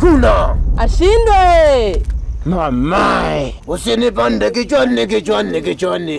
hakuna. Ashindwe mamae, usinipande kichwani kichwani kichwani.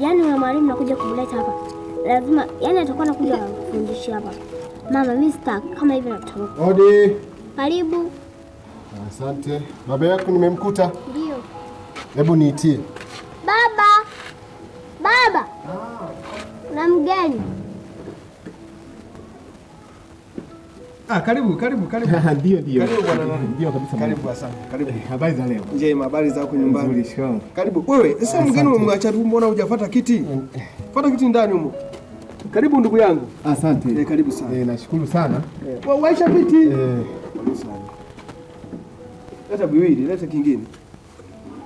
Yaani wewe mwalimu nakuja kumleta hapa. Lazima yani atakuwa nakuja kufundisha hapa. Mama mimi sitaki kama hivi natoroka. Odi. Karibu. Asante. Baba yako nimemkuta? Ndio. Hebu niitie. Baba. Baba. Ah. Na mgeni. Ah, karibu karibu karibu. Ndio ndio. Karibu bwana. nani? Ndio kabisa. Karibu asante. Karibu. Eh, habari za leo? Njema, habari za huko nyumbani? Nzuri sana. Karibu. Wewe, sasa mgeni umemwacha tu mbona hujafuata kiti? Eh, eh. Fuata kiti ndani humo. Karibu ndugu yangu. Asante. Eh, karibu sana. Eh, nashukuru sana. Eh. Waisha kiti. Eh. Leta biwili, leta kingine.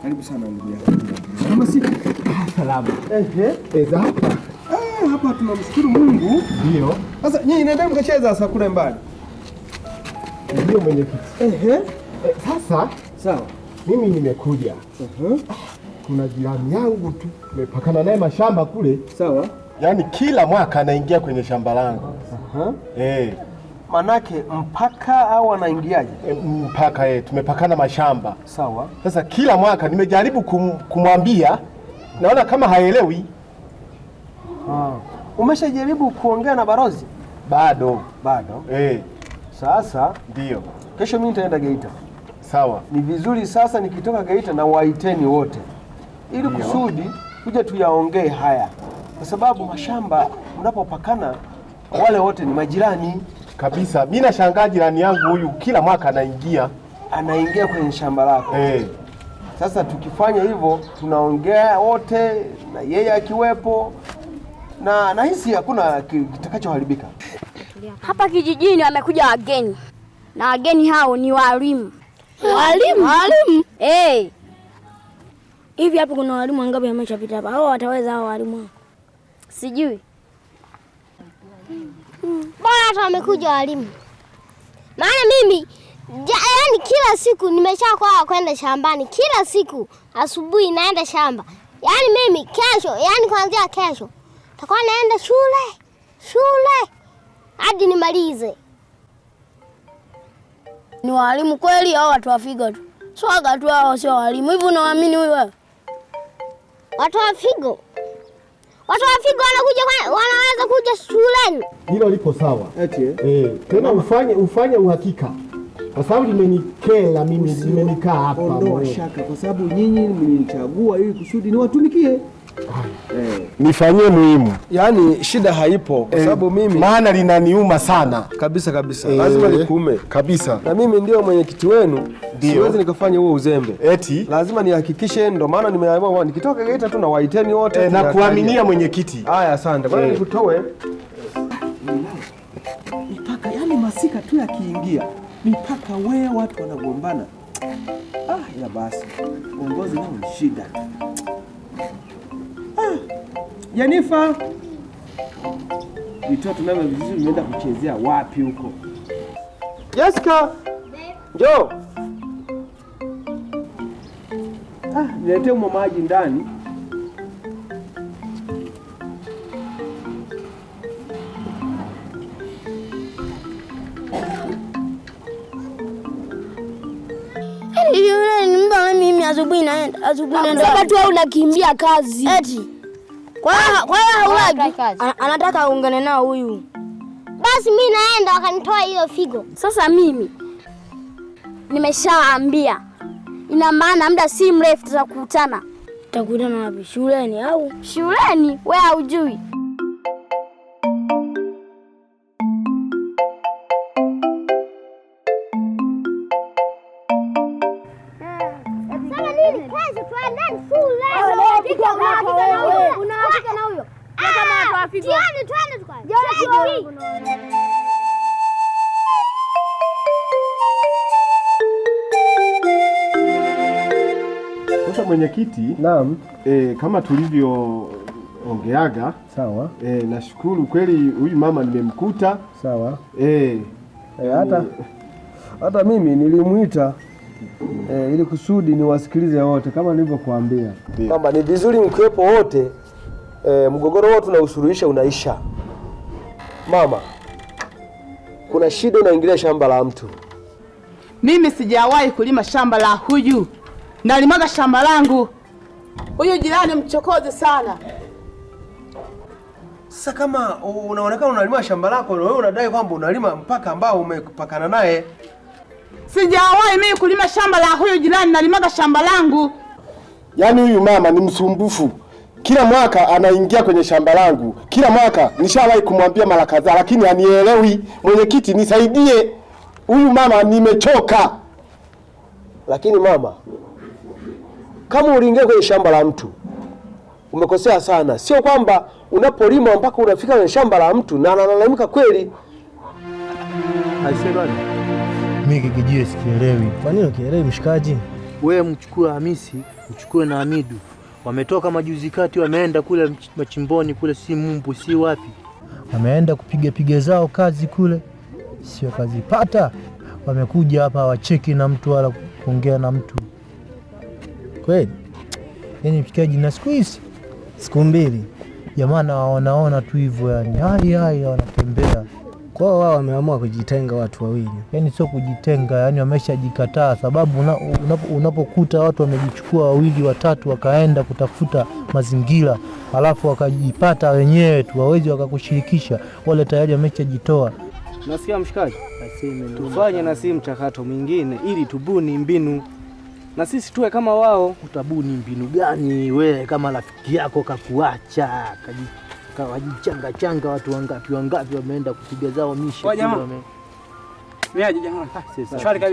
Karibu sana ndugu yangu. Kama si salamu. Eh Eh, Eza. hapa. Eh, hapa tunamshukuru Mungu. Ndio. Sasa nyinyi nendeni mkacheza sasa kule mbali ndio mwenyekiti. Eh, sasa sawa, mimi nimekuja. Kuna jirani yangu tu tumepakana naye mashamba kule. Sawa. Yaani kila mwaka anaingia kwenye shamba langu. Aha. Eh. Manake mpaka au anaingiaje? E, mpaka eh, tumepakana mashamba. Sawa. Sasa kila mwaka nimejaribu kum, kumwambia naona kama haelewi. Ha. Ah. Umeshajaribu kuongea na barozi? Bado. Bado. Eh. Sasa ndio kesho mimi nitaenda Geita. Sawa, ni vizuri sasa nikitoka Geita na waiteni wote, ili kusudi kuja tuyaongee haya, kwa sababu mashamba mnapopakana wale wote ni majirani kabisa. Mimi nashangaa jirani yangu huyu kila mwaka anaingia anaingia kwenye shamba lako hey. Eh. Sasa tukifanya hivyo tunaongea wote na yeye akiwepo, na nahisi hakuna kitakachoharibika. Hapa kijijini wamekuja wageni na wageni hao ni walimu. Walimu? Walimu? Eh. Hivi hapo kuna walimu wangapi wameshapita hapa? Hao wataweza hao walimu Sijui. Bora hata wamekuja walimu. Maana mimi yaani kila siku nimeshakwaa kwenda shambani. Kila siku asubuhi naenda shamba. Yaani mimi kesho, yaani kuanzia kesho takuwa naenda shule. Shule hadi nimalize. Ni walimu kweli au watu wafigo tu? Swaga tu hao, sio walimu. Hivi unaamini huyu wewe? Watu figo, watu figo wanakuja, wanaweza kuja shuleni. Hilo lipo sawa, eti eh? eh, tena ufanye ufanye uhakika kwa sababu limenikela mimi, limenikaa hapa. Ondoa shaka, kwa sababu nyinyi mlinichagua ili kusudi niwatumikie. Eh. nifanyie muhimu, yaani shida haipo kwa eh, sababu mimi, maana linaniuma sana kabisa kabisa, lazima eh, nikuume kabisa, na mimi ndio mwenyekiti wenu, siwezi nikafanya huo uzembe eti, lazima nihakikishe. ndo maana nimeamua nikitoka Geita tu na waiteni wote na kuaminia mwenyekiti. Haya, asante bwana, nikutoe mipaka, yani, masika tu yakiingia mipaka, wewe watu wanagombana. Ah, ya basi uongozi nao ni shida. Ah, Jenifa, vitoto navyo vizuri vimeenda kuchezea wapi huko? Jessica, njoo. Ah, niletee umo maji ndani. asubuhi naenda, asubuhi naenda. Sasa tu unakimbia kazi. Eti. Kwa hiyo haulagi. Anataka aungane nao huyu. Basi mimi naenda wakanitoa hiyo figo. Sasa mimi nimeshaambia. Ina maana muda si mrefu tutakutana. Tutakutana wapi? Shuleni au? Shuleni, wewe haujui. kupigwa. Sasa mwenyekiti, naam, e, kama tulivyo ongeaga sawa. E, nashukuru kweli huyu mama nimemkuta sawa. E, e, hata e, hata mimi nilimwita e, ili kusudi niwasikilize wote kama nilivyokuambia kwamba ni vizuri mkiwepo wote e, mgogoro huo tunausuluhisha unaisha. Mama, kuna shida unaingilia shamba la mtu. Mimi sijawahi kulima shamba la huyu, nalimaga shamba langu. Huyu jirani mchokoze sana. Sasa kama unaonekana unalima shamba lako na wewe unadai kwamba unalima mpaka ambao umepakana naye. Sijawahi mimi kulima shamba la huyu jirani, nalimaga shamba langu. Yaani huyu mama ni msumbufu kila mwaka anaingia kwenye shamba langu, kila mwaka nishawahi kumwambia mara kadhaa, lakini anielewi. Mwenyekiti, nisaidie huyu mama, nimechoka. Lakini mama, kama uliingia kwenye shamba la mtu umekosea sana. Sio kwamba unapolima mpaka unafika kwenye shamba la mtu na analalamika kweli. Mimi kikijio sikielewi. Kwa nini ukielewi mshikaji? Wewe mchukue Hamisi, mchukue na Hamidu Wametoka majuzi kati, wameenda kule machimboni kule, si Mumbu si wapi, wameenda kupiga piga zao kazi kule, sio kazi pata. Wamekuja hapa wacheki na mtu wala kuongea na mtu kweli. Yani mshikaji, na siku hizi siku mbili jamaa waonaona tu hivyo, yani hai hai wanatembea kwa hiyo wao wameamua kujitenga watu wawili, yaani sio kujitenga, yaani wameshajikataa, sababu unapokuta unapo watu wamejichukua wawili watatu wakaenda kutafuta mazingira, alafu wakajipata wenyewe tu, wawezi wakakushirikisha, wale tayari wameshajitoa. Nasikia mshikaji, tufanye na si mchakato mwingine ili tubuni mbinu na sisi tuwe kama wao. Utabuni mbinu gani wewe kama rafiki yako kakuacha kawajichanga changa, watu wangapi wangapi wameenda kupiga zao mishe. Ah, Shwari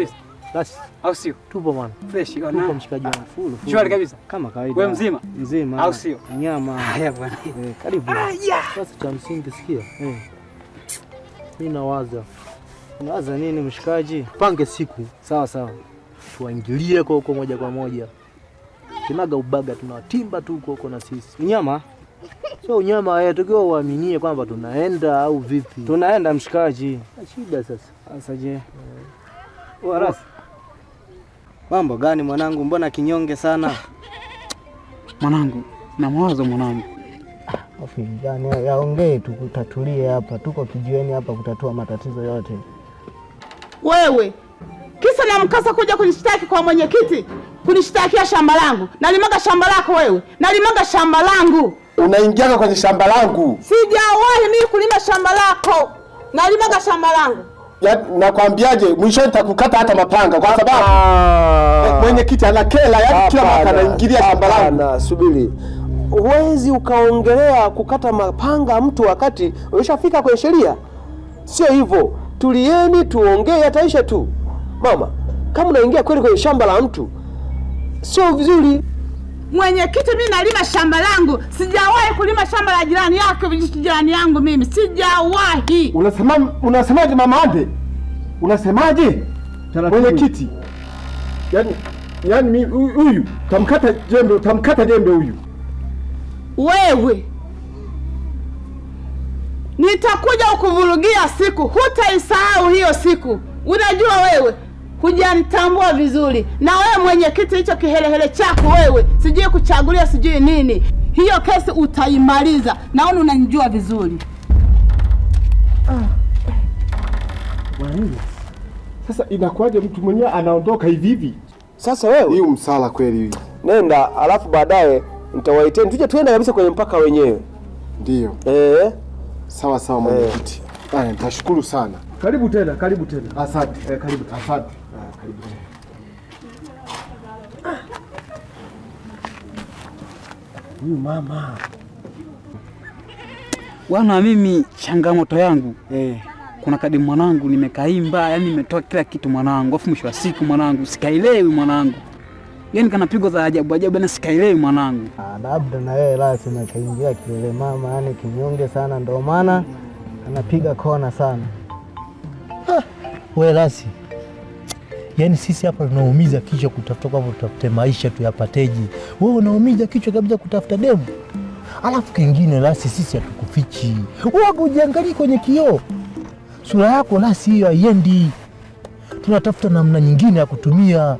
Au sio? Tupo bwana. Fresh. Tupo mshikaji wangu full. Shwari kabisa. Kama kawaida. Wewe mzima? Mzima. Au sio? Nyama. Haya bwana. Eh, karibu. Sasa cha msingi sikia. Eh. Mimi nawaza. Unawaza nini mshikaji? Pange siku. Sawa sawa. Tuwaingilie kwa huko moja kwa moja. kinaga ubaga tunawatimba tu huko huko na sisi. Nyama. So unyama wetu eh, tukiwa uaminie kwamba tunaenda au vipi? Tunaenda mshikaji. Ah, shida sasa. Sasa je. Eh. Waras. Mambo gani mwanangu, mbona kinyonge sana? Mwanangu, na mawazo mwanangu. Afijani yaongee tu kutatulie hapa. Tuko kijiweni hapa kutatua matatizo yote. Wewe kisa na mkasa kuja kunishtaki kwa mwenyekiti, kunishtakia shamba langu. Nalimaga shamba lako wewe. Nalimaga shamba langu unaingiaga kwenye shamba langu. Sijawahi mimi kulima shamba lako, nalimaga shamba langu. Nakwambiaje, mwisho nitakukata hata mapanga, kwa sababu eh, mwenyekiti ana kela, yaani kila mara anaingilia shamba langu. Subiri, huwezi ukaongelea kukata mapanga mtu wakati umeshafika kwenye sheria. Sio hivyo, tulieni tuongee, yataisha tu. Mama, kama unaingia kweli kwenye shamba la mtu sio vizuri. Mwenyekiti, mi nalima shamba langu, sijawahi kulima shamba la jirani yake, jirani yangu mimi sijawahi. Unasema, unasemaje mama Ande? Unasemaje mwenyekiti? Yani, yaani huyu tamkata jembe, tamkata jembe huyu. Wewe nitakuja ukuvurugia siku, hutaisahau hiyo siku, unajua wewe hujanitambua vizuri, na wewe mwenyekiti, hicho kihelehele chako wewe, sijui kuchagulia sijui nini, hiyo kesi utaimaliza. Naona unanijua vizuri ah. Sasa inakuwaje mtu mwenyewe anaondoka hivi hivi? Sasa wewe hii msala kweli, nenda alafu baadaye nitawaitia tuje tuende kabisa kwenye mpaka wenyewe. Ndio eh, sawa sawa eh. mwenyekiti. Haya, nitashukuru sana. Karibu tena, karibu tena. Asante eh, karibu, asante. Huyu mama bwana, mimi changamoto yangu eh, kuna kadi mwanangu, nimekaimba yani nimetoa kila kitu mwanangu, afu mwisho wa siku mwanangu sikaelewi mwanangu, yani kana pigo za ajabu ajabu, na sikaelewi mwanangu. Ah, labda na wewe lasi kaingia kile mama, yani kinyonge sana, ndio maana anapiga kona sana. Ah, wewe lasi Yaani sisi hapa tunaumiza kichwa kutafuta kwamba tutafute maisha tuyapateji, wewe unaumiza kichwa kabisa kutafuta demu. Alafu kingine lasi, sisi hatukufichi, wako ujiangalie kwenye kioo, sura yako lasi hiyo haiendi. Tunatafuta namna nyingine ya kutumia.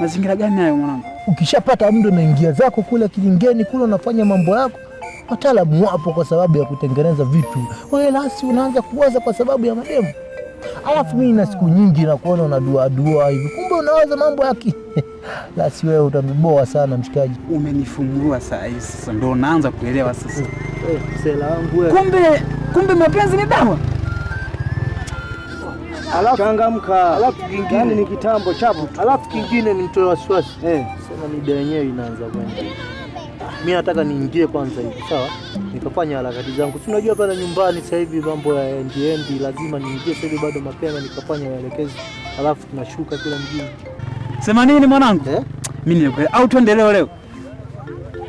Mazingira gani hayo mwanangu? Ukishapata mdo na ingia zako kule kilingeni kule, unafanya mambo yako wataalamu wapo kwa sababu ya kutengeneza vitu. Wewe lasi unaanza kuwaza kwa sababu ya mademu. Alafu mi na siku nyingi nakuona unaduadua hivi, kumbe unawaza mambo yake. basi wewe utaniboa sana mshikaji. umenifungua saa hii sasa, ndo naanza kuelewa sasa. Eh, kumbe kumbe mapenzi ni dawa. Alafu changamka, alafu kingine yaani ni kitambo chapo, alafu kingine ni mtoa wasiwasi. Eh. sema mida yenyewe inaanza kwenda mimi nataka niingie kwanza hivi sawa, nikafanya harakati zangu. si unajua pale nyumbani sasa hivi mambo ya endi endi, lazima niingie sasa hivi bado mapema, nikafanya maelekezo, alafu tunashuka kila mjini. Sema nini mwanangu eh? Mimi niko au tuendelee leo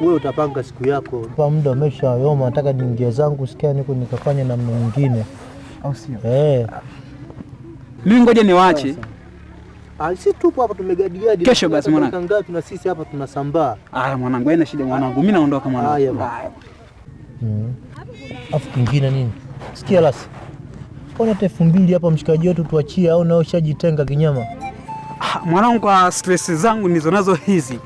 Wewe utapanga siku yako, kwa muda umeshayoma. Nataka niingie zangu, sikia niko nikafanya namna nyingine, au sio? Eh, mimi ngoja niwaache Ah, si sisi tupo hapa tumegadiadi. Kesho basi mwanangu. Ngapi na sisi hapa tunasambaa. Haya mwanangu, haina shida mwanangu. Mimi naondoka mwanangu. Haya bwana. Mm. Afu kingine nini? Sikia lasi. Ona hata elfu mbili hapa mshikaji wetu tuachie au nao shajitenga kinyama. Ah, mwanangu kwa stress zangu nizo nazo hizi.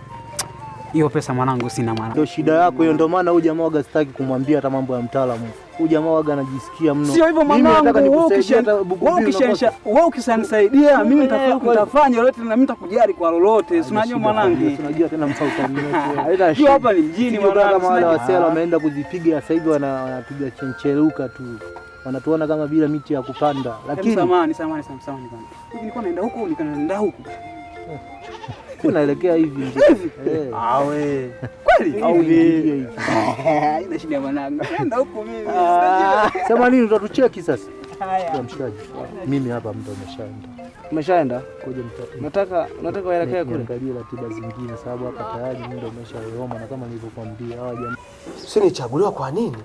Hiyo pesa mwanangu sina mwanangu. Ndio shida yako hiyo, ndio maana huyu jamaa sitaki kumwambia hata mambo ya mtaalamu huyu jamaa waga anajisikia mno. Sio hivyo mwanangu, wewe ukisanisaidia mimi nitafanya lolote na mimi nitakujali kwa lolote. Unajua mwanangu, unajua tena msaukamio hapa ni mjini mwanangu, kama wale wasela wameenda kujipiga sasa hivi wanapiga chencheruka tu wanatuona kama bila miti ya kupanda, lakini samahani, samahani, samahani bwana, nilikuwa naenda huko nikaenda huko unaelekea hivi Hivi? Eh. awe kweli au ni ina shida mwanangu, nenda huko mimi. Ah. Sema nini, utatucheki sasa. Haya mshikaji, mimi hapa mtu ameshaenda umeshaenda Kuja nataka nataka waelekee kule Angalia ratiba zingine, sababu hapa tayari muda umeshaoma, na kama nilivyokuambia hawa jamaa si nichaguliwa. Kwa nini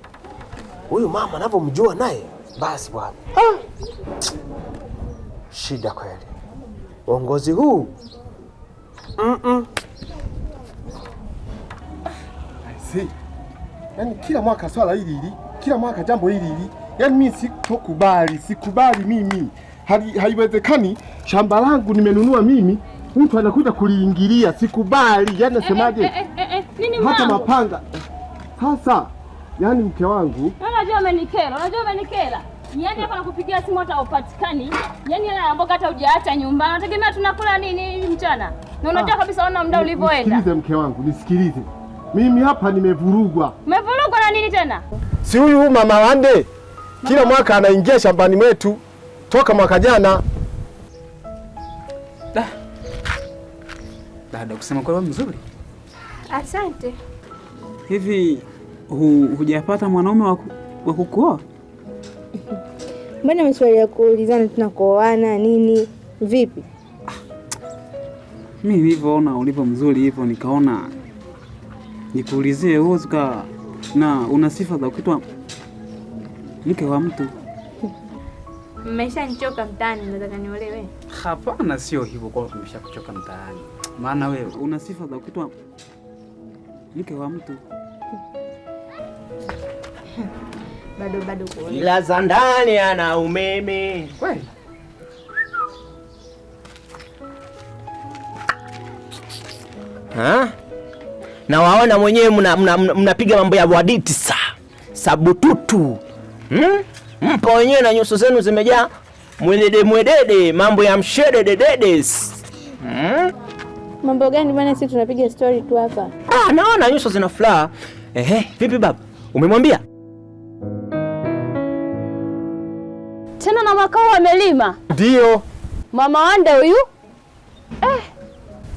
huyu mama anavyomjua naye? Basi bwana, Ah. shida kweli uongozi huu. Yaani kila mwaka swala hili hili, kila mwaka jambo hili hili. Yaani mimi sikubali, sikubali mimi. Haiwezekani shamba langu nimenunua mimi, mtu anakuja kuliingilia, sikubali. Yaani nasemaje? Eh, eh, eh, eh, hata mapanga. Sasa yaani mke wangu. Unajua umenikera, unajua umenikera. Yaani hapa nakupigia simu hata upatikani. Yaani hela ya mboga hata hujaacha nyumbani. Unategemea tunakula nini mchana? na unajua ah, kabisa ona muda ulivyoenda. Nisikilize mke wangu, nisikilize mimi hapa nimevurugwa. Umevurugwa na nini tena? Si huyu mama Wande kila mwaka anaingia shambani mwetu toka mwaka jana. Da. Dada, kusema kwa mzuri. Asante. Hivi hu, hujapata mwanaume wa kukuoa? Mbona maswali ya kuulizana tunakuoana nini? Vipi? mi nilivyoona ulivyo mzuri hivyo, nikaona nikuulizie uzika na una sifa za kuitwa mke wa mtu. Mmeshanichoka mtaani, nataka niolewe? Hapana, sio hivyo, kwa kuchoka mtaani, maana wewe una sifa za kuitwa mke wa mtu bado bado, ila za ndani ana umeme kweli ha? na waona mwenyewe mnapiga mambo ya sa sabututu hmm? mpo wenyewe na nyuso zenu zimejaa mwedede mwedede mambo ya dededes hmm? Mambo gani bwana? Sisi tunapiga story tu hapa. Ah, naona nyuso zina furaha. Ehe, vipi baba, umemwambia tena? na makao huu amelima? Ndio mama wande huyu eh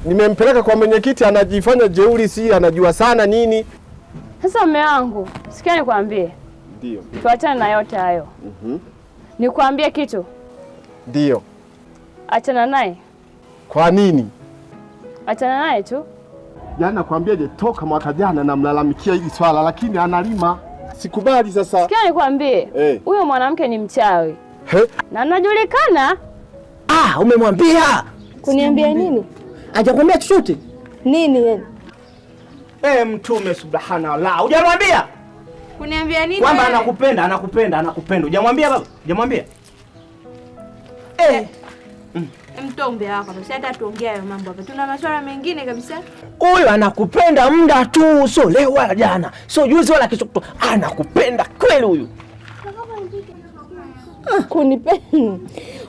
nimempeleka kwa mwenyekiti, anajifanya jeuri, si anajua sana nini. Sasa mume wangu, sikia nikwambie. Ndio. Tuachane na yote hayo. mm -hmm. Nikwambie kitu. Ndio. Achana naye. Kwa nini? Achana naye tu. Yaani je, toka mwaka jana namlalamikia hili swala, lakini analima. Sikubali. Sasa sikia nikwambie, eh. huyo hey, mwanamke ni mchawi. He? na najulikana. Ah, umemwambia? Kuniambia nini? Hajakwambia chochote nini yeye? Hey, eh, Mtume subhanallah, hujamwambia? Kuniambia nini? Kwamba anakupenda anakupenda anakupenda, hujamwambia baba? Hujamwambia? Eh. Mm. hey. Mtombe hapa basi, hata tuongea hayo mambo hapa, tuna masuala mengine kabisa. Huyu anakupenda muda tu, sio leo wala jana, sio juzi wala kesho, anakupenda kweli huyu. kunipenda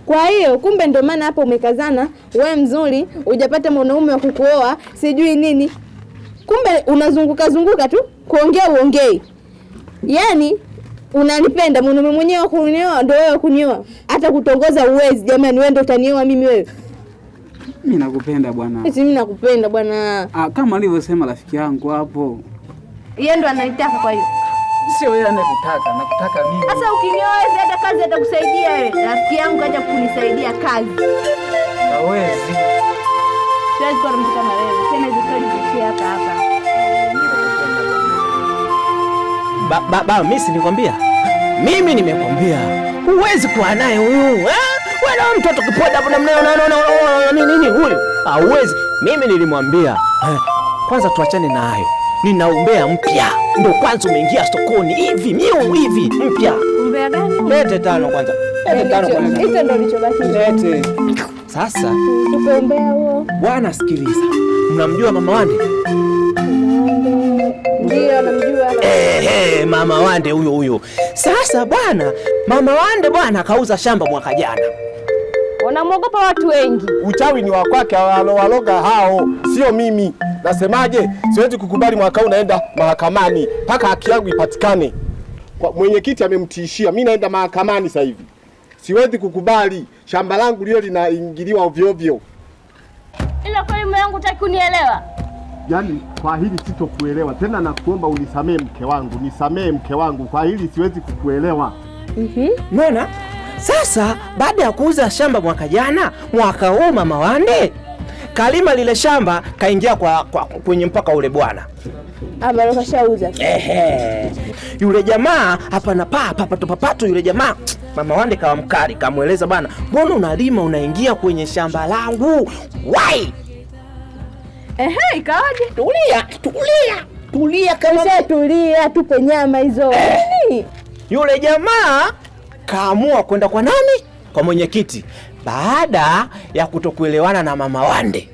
kwa hiyo kumbe ndio maana hapo umekazana, we mzuri, ujapata mwanaume wa kukuoa sijui nini, kumbe unazunguka zunguka tu kuongea uongei, yaani unanipenda mwanaume mwenyewe wa kunioa ndio wewe kunioa, hata kutongoza uwezi. Jamani, wewe ndio utanioa mimi? Wewe mimi nakupenda bwana, eti mimi nakupenda bwana. Ah, kama alivyosema rafiki yangu hapo, yeye ndo anaitaka. Kwa hiyo Sio wewe anayekutaka, nakutaka mimi. Sasa ukinyoa wewe hata kazi atakusaidia wewe. Rafiki yangu kaja kunisaidia kazi. Hawezi. Siwezi kwa mtu kama wewe. Tena hizo kazi zishie hapa hapa. Ba ba ba, mimi si nikwambia. Mimi nimekwambia. Huwezi kuwa naye huyu. Eh? Wewe na mtoto kipoda hapo namna hiyo nini nini huyu? Hauwezi. Mimi nilimwambia. Kwanza tuachane na hayo nina umbea mpya, ndo kwanza umeingia sokoni hivi miu hivi mpya. Umbea gani? Lete tano kwanza, lete tano kwanza, hicho ndo Lete sasa, tupe umbea huo bwana. Sikiliza, mnamjua mama Wande? mama Wande huyo huyo. Sasa bwana, mama Wande bwana akauza shamba mwaka jana. unamwogopa watu wengi, uchawi ni wa kwake, walowaloga hao, sio mimi. Nasemaje? Siwezi kukubali mwaka huu naenda mahakamani mpaka haki yangu ipatikane. Mwenyekiti amemtishia, mimi naenda mahakamani sasa hivi. Siwezi kukubali shamba langu lio linaingiliwa ovyo ovyo. Ila kweli mume wangu hutaki kunielewa? Yaani kwa hili sitokuelewa tena, nakuomba unisamee mke wangu, nisamee mke wangu, kwa hili siwezi kukuelewa. Mhm. Mbona sasa baada ya kuuza shamba mwaka jana, mwaka huu mama Wande kalima lile shamba kaingia kwa, kwa, kwenye mpaka ule bwana ah, kashauza yule jamaa hapa na paa papato papato. Yule jamaa mama Wande kawa mkali, kamweleza bwana, mbona unalima unaingia kwenye shamba langu wai? Ehe, ikawaje? Tulia, tulia, tulia kama tulia, tupe nyama hizo. Yule jamaa kaamua kwenda kwa nani? Kwa mwenyekiti baada ya kutokuelewana na mama Wande.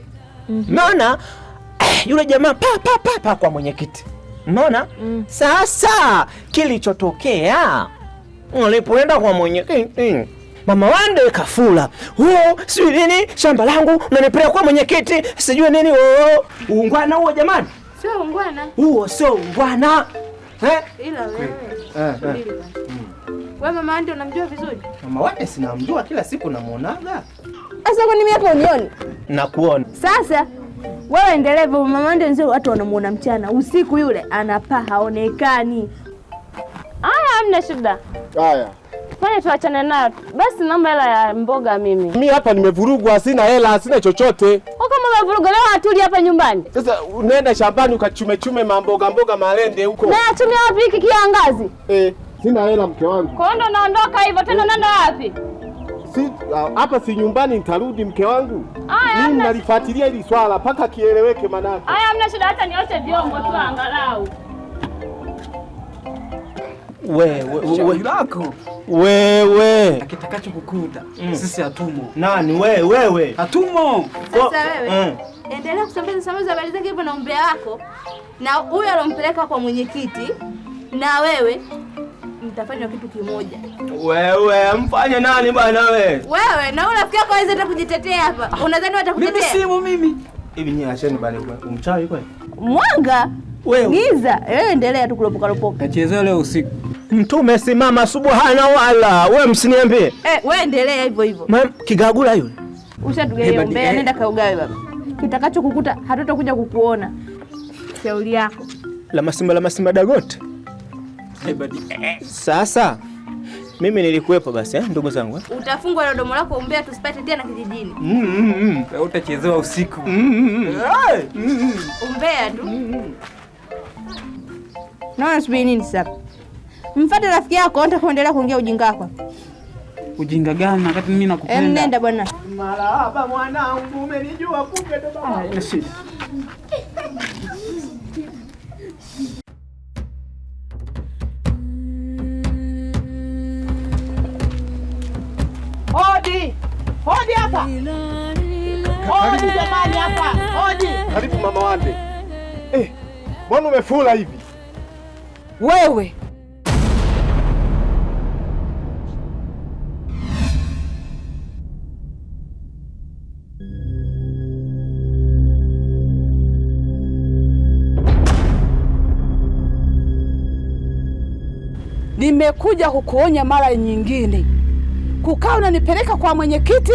mm -hmm. eh, yule jamaa pa, pa, pa, pa kwa mwenyekiti Unaona? Mm. Sasa kilichotokea alipoenda kwa mwenyekiti Mama Wande kafula huo, sijui nini, shamba langu unanipeleka kwa mwenyekiti, sijui nini. Oo, oh, oh, uungwana oh, huo jamani, sio uungwana huo, sio uungwana eh? Ila wewe. Eh, eh. Wewe mama ndio unamjua vizuri? Mama Andi sinamjua, kila siku namuonaga. Sasa kwa nini hapa unioni? Nakuona. Sasa wewe endelevu, mama ndio nzuri, watu wanamuona mchana, usiku yule anapaa haonekani. Haya, ah, hamna shida. Haya. Kwani tuachane nayo basi, naomba hela ya mboga. Mimi Mimi hapa nimevurugwa, sina hela, sina chochote. Kama umevurugwa leo, atuli hapa nyumbani. Sasa unaenda shambani ukachume chume mamboga mboga malende huko, na atumia wapi hiki kiangazi eh? Sina hela mke wangu. Kwa hiyo naondoka hivyo tena unaenda wapi? Si ah, hapa si nyumbani nitarudi mke wangu. Mimi nalifuatilia hili swala mpaka kieleweke manake. Haya hamna shida hata niote vyombo tu angalau. Wewe shauri Wewe akitakacho kukuta mm. Sisi hatumo. Nani wewe wewe? Hatumo. Sasa wewe. mm. Endelea kusambaza sambaza habari zake hivyo na umbea wako na huyo alompeleka kwa mwenyekiti na wewe nitafanya kitu kimoja. Wewe mfanye nani bwana wewe? Wewe na rafiki yako hawezi hata kujitetea hapa. Unadhani watakutetea? Mimi simu mimi. Hivi nyinyi acheni bali kwa umchawi kwa? Mwanga. Wewe. Giza. Wewe eh, endelea tu kulopoka lopoka. Nachezea leo usiku. Mtume simama subuhana wala. Wewe msiniambie. Eh, wewe endelea hivyo hivyo. Kigagula yule. Ushatugeumbea hey, nenda kaugawe baba. Kitakacho kukuta hatutakuja kukuona. Shauri yako. La masimba la masimba dagote. Sasa mimi nilikuwepo basi eh, ndugu zangu. Eh. Utafungwa na domo lako umbea tusipate tena kijijini. Mm, mm, mm. mm, mm Utachezewa usiku. Mm, mm. Umbea tu. Mm, mm. Naona nini sasa? Mfuate rafiki yako anta kuendelea kuongea ujinga wako. Ujinga gani wakati mimi nakupenda? Em, nenda bwana. Marahaba mwanangu, umenijua kumbe ndo baba. Ah, hapa. Karibu jamani hapa. Hodi. Karibu mama Wande. Eh, mbona umefula hivi? Wewe. Nimekuja kukuonya mara nyingine, kukaa unanipeleka kwa mwenyekiti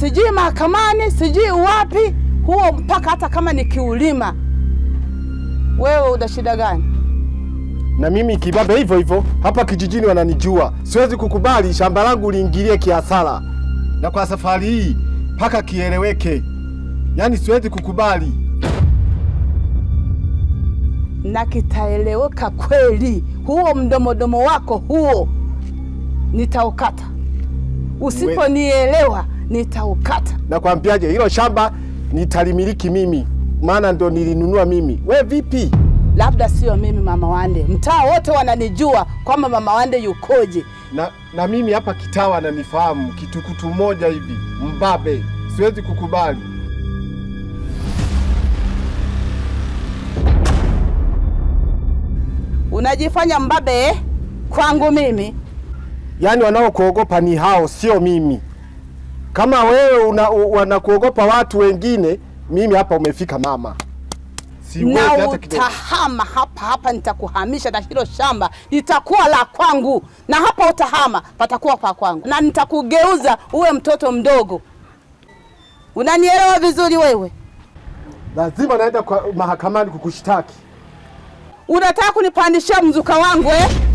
sijui mahakamani, sijui wapi huo mpaka, hata kama nikiulima. Wewe una shida gani? Na mimi kibabe hivyo hivyo, hapa kijijini wananijua. Siwezi kukubali shamba langu liingilie kiasara, na kwa safari hii mpaka kieleweke. Yaani siwezi kukubali, na kitaeleweka kweli. Huo mdomodomo wako huo nitaukata usiponielewa nitaukata. Nakwambiaje, hilo shamba nitalimiliki mimi, maana ndo nilinunua mimi. We vipi? Labda sio mimi, mama Wande, mtaa wote wananijua kwamba mama Wande yukoje, na, na mimi hapa kitawa ananifahamu kitukutu moja hivi. Mbabe, siwezi kukubali. Unajifanya mbabe eh? kwangu mimi? Yaani wanaokuogopa ni hao, sio mimi. Kama wewe wanakuogopa watu wengine, mimi hapa umefika mama. na utahama hapa hapa, nitakuhamisha na hilo shamba litakuwa la kwangu, na hapa utahama patakuwa pa kwangu, na nitakugeuza uwe mtoto mdogo. Unanielewa vizuri wewe? Lazima naenda kwa mahakamani kukushtaki. Unataka kunipandishia mzuka wangu eh?